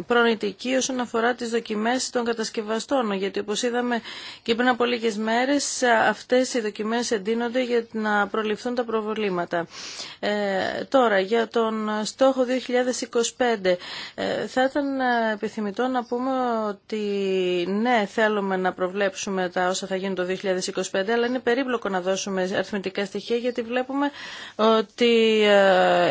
προνητική όσον αφορά τις δοκιμές των κατασκευαστών, γιατί όπως είδαμε και πριν από λίγες μέρες, αυτές οι δοκιμές εντείνονται για να προληφθούν τα προβλήματα. Ε, τώρα, για τον στόχο 2025. Ε, θα ήταν ε, επιθυμητό να πούμε ότι ναι, θέλουμε να προβλέψουμε τα όσα θα γίνουν το 2025, αλλά είναι περίπλοκο να δώσουμε αριθμητικά στοιχεία, γιατί βλέπουμε ότι ε,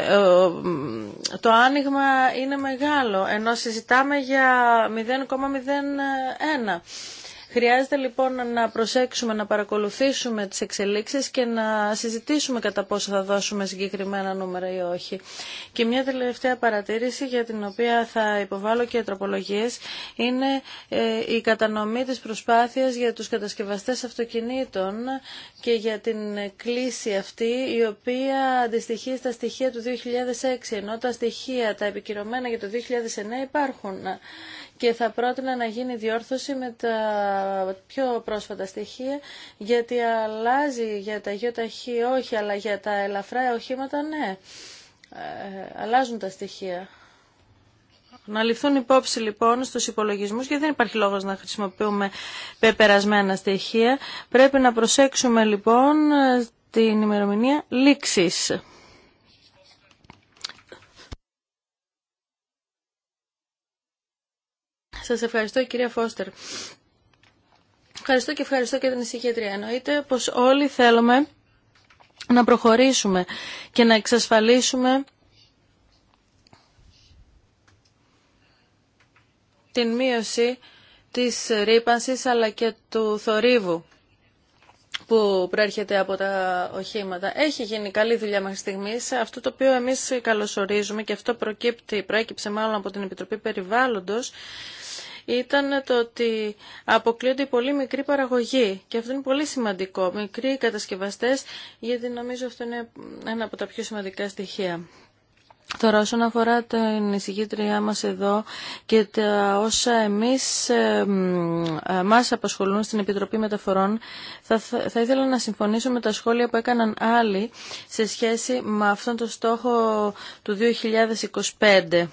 το άνοιγμα είναι μεγάλο, ενώ συζητάμε για 0,01. Χρειάζεται λοιπόν να προσέξουμε, να παρακολουθήσουμε τις εξελίξεις και να συζητήσουμε κατά πόσο θα δώσουμε συγκεκριμένα νούμερα ή όχι. Και μια τελευταία παρατήρηση για την οποία θα υποβάλω και τροπολογίες είναι ε, η κατανομή της προσπάθειας για τους κατασκευαστές αυτοκινήτων και για την κλίση αυτή η οποία αντιστοιχεί στα στοιχεία του 2006 ενώ τα στοιχεία τα επικυρωμένα για το 2009 υπάρχουν και θα πρότεινα να γίνει διόρθωση με τα πιο πρόσφατα στοιχεία γιατί αλλάζει για τα γεωταχή όχι αλλά για τα ελαφρά οχήματα ναι. Ε, αλλάζουν τα στοιχεία. Να ληφθούν υπόψη λοιπόν στους υπολογισμούς γιατί δεν υπάρχει λόγος να χρησιμοποιούμε πεπερασμένα στοιχεία. Πρέπει να προσέξουμε λοιπόν την ημερομηνία λήξης. Σας ευχαριστώ κυρία Φώστερ. Ευχαριστώ και ευχαριστώ και την ησυχιατρία. Εννοείται πως όλοι θέλουμε να προχωρήσουμε και να εξασφαλίσουμε την μείωση της ρήπανσης αλλά και του θορύβου που προέρχεται από τα οχήματα. Έχει γίνει καλή δουλειά μέχρι στιγμή. Αυτό το οποίο εμείς καλωσορίζουμε και αυτό προκύπτει, προέκυψε μάλλον από την Επιτροπή Περιβάλλοντος ήταν το ότι αποκλείονται πολύ μικρή παραγωγή και αυτό είναι πολύ σημαντικό, μικροί κατασκευαστές γιατί νομίζω αυτό είναι ένα από τα πιο σημαντικά στοιχεία. Τώρα όσον αφορά την εισηγήτριά μας εδώ και τα όσα εμείς ε, μας απασχολούν στην Επιτροπή Μεταφορών θα, θα ήθελα να συμφωνήσω με τα σχόλια που έκαναν άλλοι σε σχέση με αυτόν τον στόχο του 2025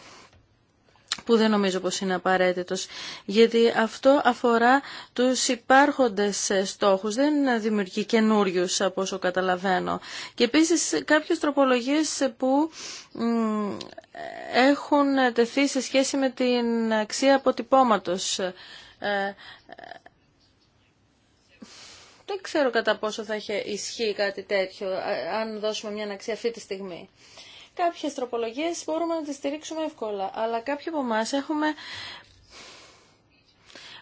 που δεν νομίζω πως είναι απαραίτητος, γιατί αυτό αφορά τους υπάρχοντες στόχους, δεν δημιουργεί καινούριου από όσο καταλαβαίνω. Και επίσης κάποιες τροπολογίες που έχουν τεθεί σε σχέση με την αξία αποτυπώματος. Ε, δεν ξέρω κατά πόσο θα είχε ισχύει κάτι τέτοιο, ε, αν δώσουμε μια αξία αυτή τη στιγμή. Κάποιες τροπολογίες μπορούμε να τις στηρίξουμε εύκολα, αλλά κάποιοι από εμά έχουμε...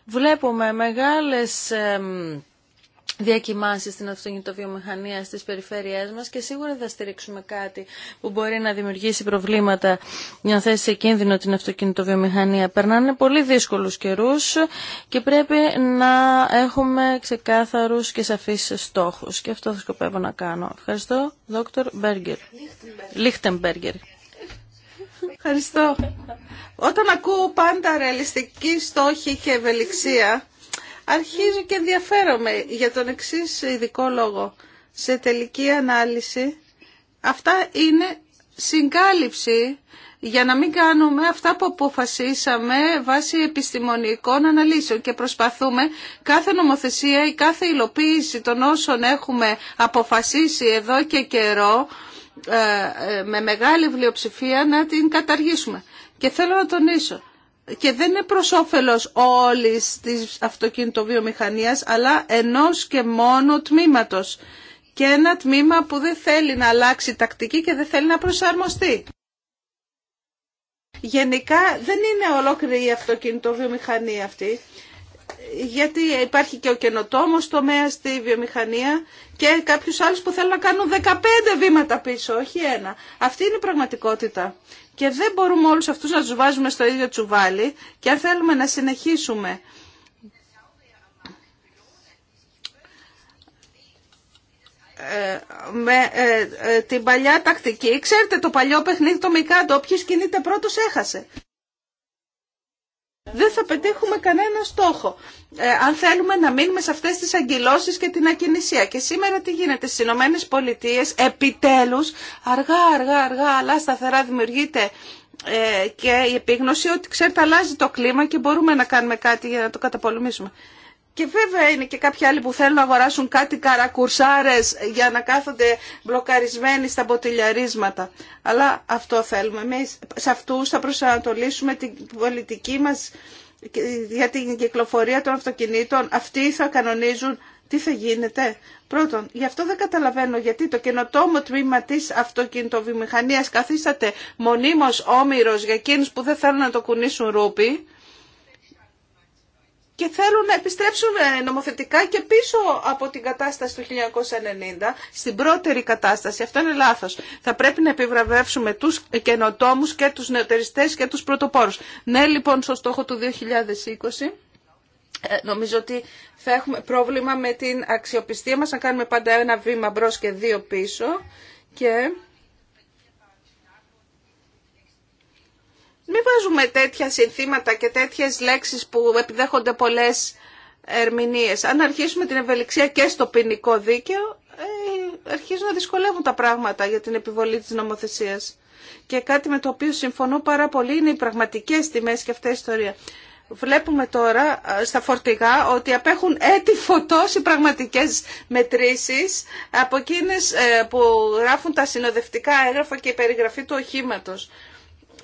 Βλέπουμε μεγάλες διακοιμάσει στην αυτοκινητοβιομηχανία στις περιφέρειές μας και σίγουρα θα στηρίξουμε κάτι που μπορεί να δημιουργήσει προβλήματα για να θέσει σε κίνδυνο την αυτοκινητοβιομηχανία. Περνάνε πολύ δύσκολους καιρούς και πρέπει να έχουμε ξεκάθαρους και σαφείς στόχους και αυτό θα σκοπεύω να κάνω. Ευχαριστώ, Δόκτωρ Μπέργκερ. Λίχτεμπέργκερ. Ευχαριστώ. Όταν ακούω πάντα ρεαλιστική στόχη και ευελιξία, αρχίζω και ενδιαφέρομαι για τον εξή ειδικό λόγο. Σε τελική ανάλυση, αυτά είναι συγκάλυψη για να μην κάνουμε αυτά που αποφασίσαμε βάσει επιστημονικών αναλύσεων και προσπαθούμε κάθε νομοθεσία ή κάθε υλοποίηση των όσων έχουμε αποφασίσει εδώ και καιρό ε, ε, με μεγάλη βιβλιοψηφία να την καταργήσουμε. Και θέλω να τονίσω, και δεν είναι προς όφελος όλης της αυτοκινητοβιομηχανίας αλλά ενός και μόνο τμήματος και ένα τμήμα που δεν θέλει να αλλάξει τακτική και δεν θέλει να προσαρμοστεί. Γενικά δεν είναι ολόκληρη η αυτοκινητοβιομηχανία αυτή γιατί υπάρχει και ο καινοτόμο τομέα στη βιομηχανία και κάποιου άλλου που θέλουν να κάνουν 15 βήματα πίσω, όχι ένα. Αυτή είναι η πραγματικότητα. Και δεν μπορούμε όλους αυτούς να τους βάζουμε στο ίδιο τσουβάλι και αν θέλουμε να συνεχίσουμε ε, με ε, ε, την παλιά τακτική. Ξέρετε το παλιό παιχνίδι το Μικάντο, όποιος κινείται πρώτος έχασε δεν θα πετύχουμε κανένα στόχο. Ε, αν θέλουμε να μείνουμε σε αυτές τις αγκυλώσεις και την ακινησία. Και σήμερα τι γίνεται στις Ηνωμένε Πολιτείε, επιτέλους, αργά, αργά, αργά, αλλά σταθερά δημιουργείται ε, και η επίγνωση ότι ξέρετε αλλάζει το κλίμα και μπορούμε να κάνουμε κάτι για να το καταπολεμήσουμε. Και βέβαια είναι και κάποιοι άλλοι που θέλουν να αγοράσουν κάτι καρακουρσάρες για να κάθονται μπλοκαρισμένοι στα ποτηλιαρίσματα. Αλλά αυτό θέλουμε. Εμείς σε αυτούς θα προσανατολίσουμε την πολιτική μας για την κυκλοφορία των αυτοκινήτων. Αυτοί θα κανονίζουν τι θα γίνεται. Πρώτον, γι' αυτό δεν καταλαβαίνω γιατί το καινοτόμο τμήμα τη αυτοκινητοβιομηχανία καθίσταται μονίμω όμοιρο για εκείνου που δεν θέλουν να το κουνήσουν ρούπι και θέλουν να επιστρέψουν ε, νομοθετικά και πίσω από την κατάσταση του 1990 στην πρώτερη κατάσταση. Αυτό είναι λάθος. Θα πρέπει να επιβραβεύσουμε τους καινοτόμου και τους νεοτεριστές και τους πρώτοπόρου. Ναι λοιπόν στο στόχο του 2020 ε, νομίζω ότι θα έχουμε πρόβλημα με την αξιοπιστία μας να κάνουμε πάντα ένα βήμα μπρος και δύο πίσω και Μην βάζουμε τέτοια συνθήματα και τέτοιες λέξεις που επιδέχονται πολλές ερμηνείες. Αν αρχίσουμε την ευελιξία και στο ποινικό δίκαιο, ε, αρχίζουν να δυσκολεύουν τα πράγματα για την επιβολή της νομοθεσίας. Και κάτι με το οποίο συμφωνώ πάρα πολύ είναι οι πραγματικές τιμές και αυτή η ιστορία. Βλέπουμε τώρα ε, στα φορτηγά ότι απέχουν έτη φωτός οι πραγματικές μετρήσεις από εκείνες ε, που γράφουν τα συνοδευτικά έγγραφα και η περιγραφή του οχήματος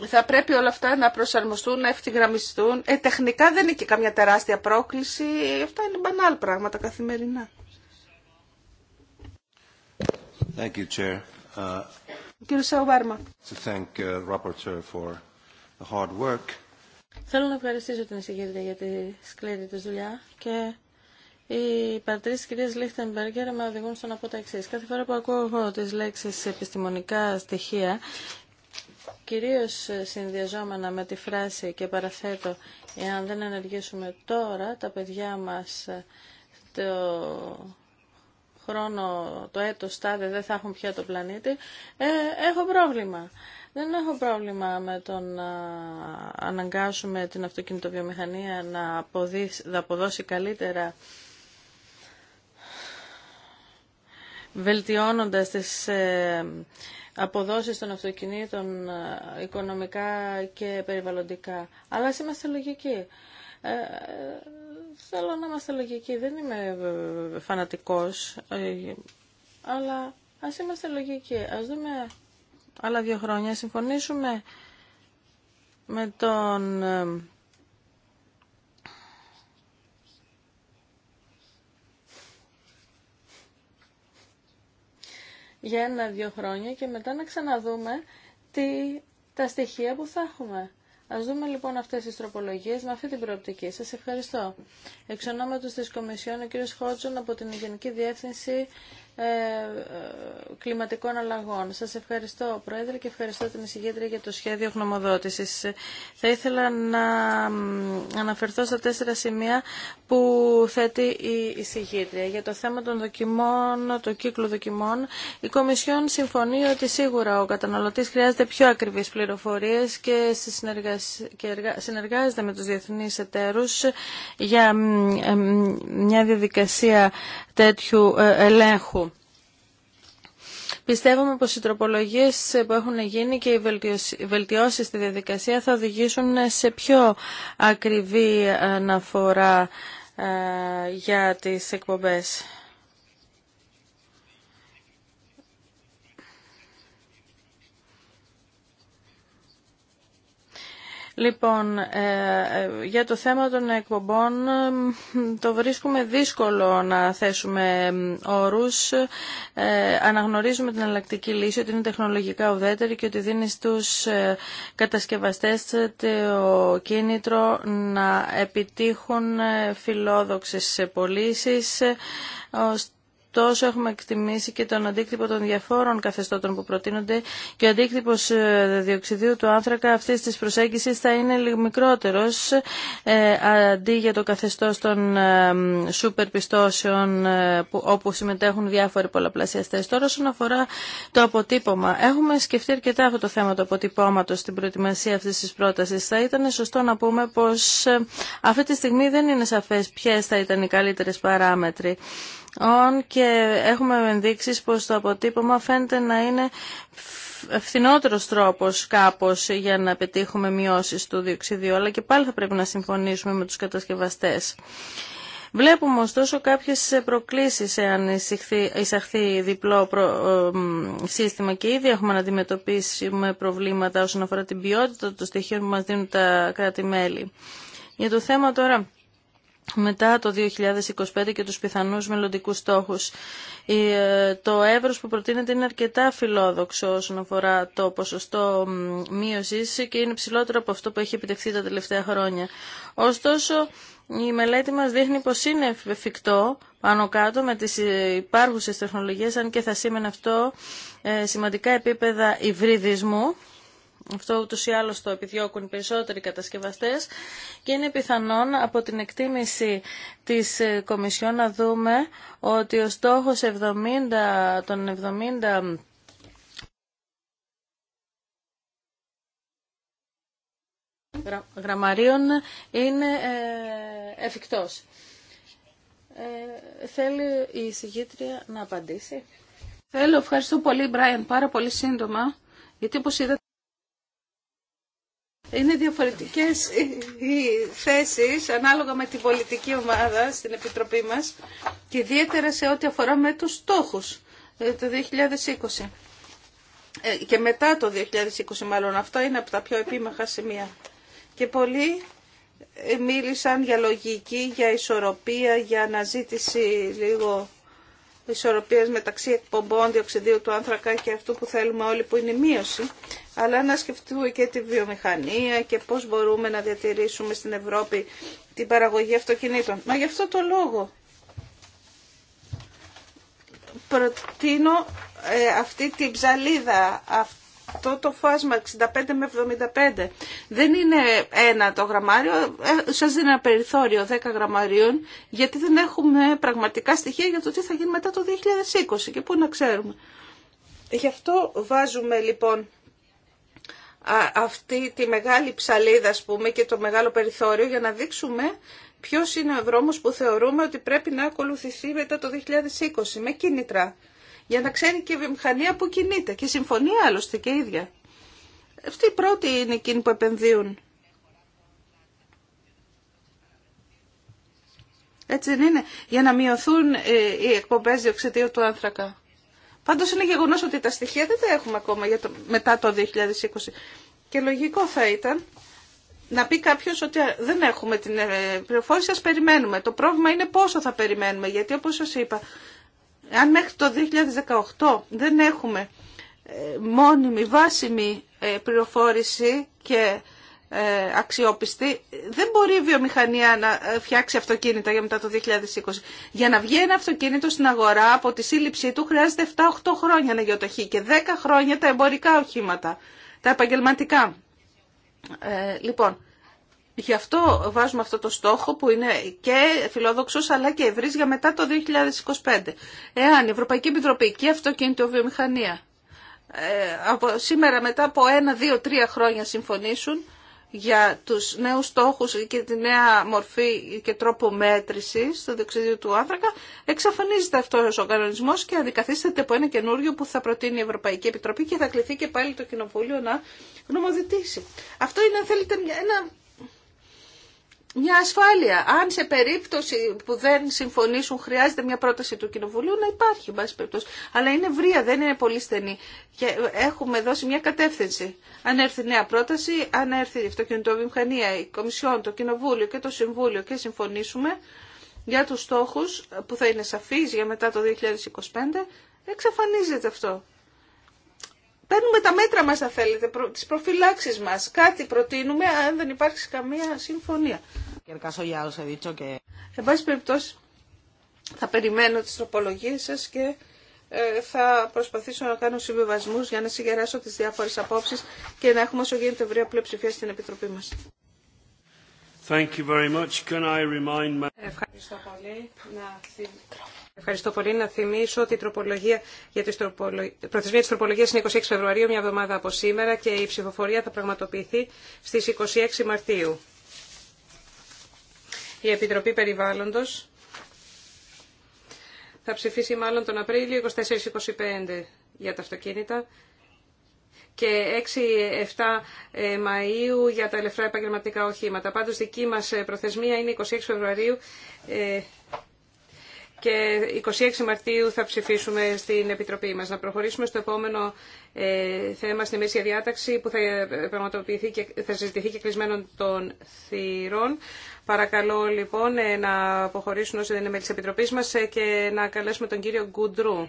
θα πρέπει όλα αυτά να προσαρμοστούν, να ευθυγραμμιστούν. Ε, τεχνικά δεν είναι και καμιά τεράστια πρόκληση. Αυτά είναι μπανάλ πράγματα καθημερινά. Κύριε Σαουβάρμα. uh, Θέλω να ευχαριστήσω την εισηγήτρια για τη σκληρή της δουλειά και οι παρατηρήσει τη κυρία Λίχτενμπεργκερ με οδηγούν στο να πω τα εξή. Κάθε φορά που ακούω εγώ τι λέξει επιστημονικά στοιχεία κυρίως συνδυαζόμενα με τη φράση και παραθέτω εάν δεν ενεργήσουμε τώρα τα παιδιά μας το χρόνο, το έτος τάδε δεν θα έχουν πια το πλανήτη ε, έχω πρόβλημα. Δεν έχω πρόβλημα με το να αναγκάσουμε την αυτοκινητοβιομηχανία να, να αποδώσει καλύτερα βελτιώνοντας τις ε, αποδόσεις των αυτοκινήτων ε, οικονομικά και περιβαλλοντικά. Αλλά ας είμαστε λογικοί. Ε, ε θέλω να είμαστε λογικοί. Δεν είμαι ε, φανατικός, αλλά ας είμαστε λογικοί. Ας δούμε άλλα δύο χρόνια. Συμφωνήσουμε με τον για ένα-δύο χρόνια και μετά να ξαναδούμε τι, τα στοιχεία που θα έχουμε. Ας δούμε λοιπόν αυτές τις τροπολογίες με αυτή την προοπτική. Σας ευχαριστώ. Εξ ονόματο της Κομισιόν, ο κ. Χότζον από την Γενική Διεύθυνση ε, ε, κλιματικών αλλαγών. Σας ευχαριστώ, Πρόεδρε, και ευχαριστώ την εισηγήτρια για το σχέδιο γνωμοδότησης. Θα ήθελα να αναφερθώ στα τέσσερα σημεία που θέτει η εισηγήτρια. Για το θέμα των δοκιμών, το κύκλο δοκιμών, η Κομισιόν συμφωνεί ότι σίγουρα ο καταναλωτής χρειάζεται πιο ακριβείς πληροφορίες και, συνεργάζεται με τους διεθνείς εταίρους για ε, μια διαδικασία τέτοιου ελέγχου. Πιστεύουμε πως οι τροπολογίες που έχουν γίνει και οι βελτιώσεις στη διαδικασία θα οδηγήσουν σε πιο ακριβή αναφορά ε, για τις εκπομπές. Λοιπόν, ε, ε, για το θέμα των εκπομπών το βρίσκουμε δύσκολο να θέσουμε όρους. Ε, αναγνωρίζουμε την αλλακτική λύση ότι είναι τεχνολογικά ουδέτερη και ότι δίνει στους κατασκευαστές το κίνητρο να επιτύχουν φιλόδοξες πωλήσει Τόσο έχουμε εκτιμήσει και τον αντίκτυπο των διαφόρων καθεστώτων που προτείνονται και ο αντίκτυπο ε, διοξιδίου του άνθρακα αυτή τη προσέγγιση θα είναι μικρότερο ε, αντί για το καθεστώ των σούπερ πιστώσεων ε, όπου συμμετέχουν διάφοροι πολλαπλασιαστέ. Τώρα, όσον αφορά το αποτύπωμα, έχουμε σκεφτεί αρκετά αυτό το θέμα του αποτυπώματο στην προετοιμασία αυτή τη πρόταση. Θα ήταν σωστό να πούμε πω αυτή τη στιγμή δεν είναι σαφέ ποιε θα ήταν οι καλύτερε παράμετροι και έχουμε ενδείξεις πως το αποτύπωμα φαίνεται να είναι φθηνότερος τρόπος κάπως για να πετύχουμε μειώσεις του διοξιδίου, αλλά και πάλι θα πρέπει να συμφωνήσουμε με τους κατασκευαστές. Βλέπουμε ωστόσο κάποιες προκλήσεις εάν εισαχθεί διπλό σύστημα και ήδη έχουμε να αντιμετωπίσουμε προβλήματα όσον αφορά την ποιότητα των στοιχείων που μας δίνουν τα κράτη-μέλη. Για το θέμα τώρα μετά το 2025 και τους πιθανούς μελλοντικούς στόχους. Ε, το εύρος που προτείνεται είναι αρκετά φιλόδοξο όσον αφορά το ποσοστό μείωσης και είναι ψηλότερο από αυτό που έχει επιτευχθεί τα τελευταία χρόνια. Ωστόσο, η μελέτη μας δείχνει πως είναι εφικτό πάνω κάτω με τις υπάρχουσες τεχνολογίες, αν και θα σήμαινε αυτό ε, σημαντικά επίπεδα υβριδισμού αυτό ούτω ή άλλω το επιδιώκουν οι περισσότεροι κατασκευαστές και είναι πιθανόν από την εκτίμηση της ε, Κομισιόν να δούμε ότι ο στόχος των 70 γραμμαρίων είναι ε, εφικτός. Ε, θέλει η συγγήτρια να απαντήσει. Θέλω, ευχαριστώ πολύ, Μπράιν, πάρα πολύ σύντομα, γιατί όπως είναι διαφορετικές οι θέσεις ανάλογα με την πολιτική ομάδα στην Επιτροπή μας και ιδιαίτερα σε ό,τι αφορά με τους στόχους ε, το 2020 ε, και μετά το 2020 μάλλον. Αυτό είναι από τα πιο επίμαχα σημεία. Και πολλοί ε, μίλησαν για λογική, για ισορροπία, για αναζήτηση λίγο ισορροπίας μεταξύ εκπομπών διοξιδίου του άνθρακα και αυτού που θέλουμε όλοι που είναι η μείωση, αλλά να σκεφτούμε και τη βιομηχανία και πώς μπορούμε να διατηρήσουμε στην Ευρώπη την παραγωγή αυτοκινήτων. Μα γι' αυτό το λόγο προτείνω ε, αυτή την ψαλίδα, αυτό το φάσμα 65 με 75 δεν είναι ένα το γραμμάριο, ε, σας δίνει ένα περιθώριο 10 γραμμαρίων γιατί δεν έχουμε πραγματικά στοιχεία για το τι θα γίνει μετά το 2020 και πού να ξέρουμε. Γι' αυτό βάζουμε λοιπόν αυτή τη μεγάλη ψαλίδα ας πούμε, και το μεγάλο περιθώριο για να δείξουμε ποιος είναι ο δρόμος που θεωρούμε ότι πρέπει να ακολουθηθεί μετά το 2020 με κίνητρα για να ξέρει και η βιομηχανία που κινείται και συμφωνία άλλωστε και ίδια. Αυτοί οι πρώτοι είναι εκείνοι που επενδύουν. Έτσι δεν είναι, για να μειωθούν ε, οι εκπομπέ διοξιδίου του άνθρακα. Πάντως είναι γεγονό ότι τα στοιχεία δεν τα έχουμε ακόμα για το, μετά το 2020. Και λογικό θα ήταν να πει κάποιο ότι δεν έχουμε την ε, πληροφόρηση, α περιμένουμε. Το πρόβλημα είναι πόσο θα περιμένουμε, γιατί όπω σα είπα, αν μέχρι το 2018 δεν έχουμε ε, μόνιμη, βάσιμη ε, πληροφόρηση και ε, αξιόπιστη, δεν μπορεί η βιομηχανία να φτιάξει αυτοκίνητα για μετά το 2020. Για να βγει ένα αυτοκίνητο στην αγορά από τη σύλληψή του χρειάζεται 7-8 χρόνια να γεωτοχεί και 10 χρόνια τα εμπορικά οχήματα, τα επαγγελματικά. Ε, λοιπόν, Γι' αυτό βάζουμε αυτό το στόχο που είναι και φιλόδοξος αλλά και ευρύς για μετά το 2025. Εάν η Ευρωπαϊκή Επιτροπή και η αυτοκινητοβιομηχανία ε, από σήμερα μετά από ένα, δύο, τρία χρόνια συμφωνήσουν για τους νέους στόχους και τη νέα μορφή και τρόπο μέτρησης στο διοξιδίου του άνθρακα, εξαφανίζεται αυτός ο κανονισμός και αντικαθίσταται από ένα καινούριο που θα προτείνει η Ευρωπαϊκή Επιτροπή και θα κληθεί και πάλι το Κοινοβούλιο να γνωμοδοτήσει. Αυτό είναι, αν θέλετε, ένα μια ασφάλεια. Αν σε περίπτωση που δεν συμφωνήσουν χρειάζεται μια πρόταση του Κοινοβουλίου να υπάρχει, μπας περίπτωση. Αλλά είναι βρία, δεν είναι πολύ στενή. Και έχουμε δώσει μια κατεύθυνση. Αν έρθει νέα πρόταση, αν έρθει η αυτοκινητοβιομηχανία, η Κομισιόν, το Κοινοβούλιο και το Συμβούλιο και συμφωνήσουμε για τους στόχους που θα είναι σαφείς για μετά το 2025, εξαφανίζεται αυτό παίρνουμε τα μέτρα μας, αν θέλετε, προ, τις προφυλάξεις μας. Κάτι προτείνουμε, αν δεν υπάρξει καμία συμφωνία. Εν πάση περιπτώσει, θα περιμένω τις τροπολογίες σας και ε, θα προσπαθήσω να κάνω συμβιβασμούς για να συγκεράσω τις διάφορες απόψεις και να έχουμε όσο γίνεται ευρεία πλειοψηφία στην Επιτροπή μας. Ευχαριστώ πολύ. Να... Ευχαριστώ πολύ. Να θυμίσω ότι η τροπολογία για τις προθεσμία της τροπολογίας είναι 26 Φεβρουαρίου, μια εβδομάδα από σήμερα και η ψηφοφορία θα πραγματοποιηθεί στις 26 Μαρτίου. Η Επιτροπή Περιβάλλοντος θα ψηφίσει μάλλον τον Απρίλιο 24-25 για τα αυτοκίνητα και 6-7 ε, Μαΐου για τα ελευθερά επαγγελματικά οχήματα. Πάντως δική μας ε, προθεσμία είναι 26 Φεβρουαρίου ε, και 26 Μαρτίου θα ψηφίσουμε στην Επιτροπή μας. Να προχωρήσουμε στο επόμενο ε, θέμα στη Μέση διάταξη που θα, πραγματοποιηθεί και, θα συζητηθεί και κλεισμένων των θύρων. Παρακαλώ λοιπόν ε, να αποχωρήσουν όσοι δεν είναι μέλη της Επιτροπής μας ε, και να καλέσουμε τον κύριο Γκουντρού.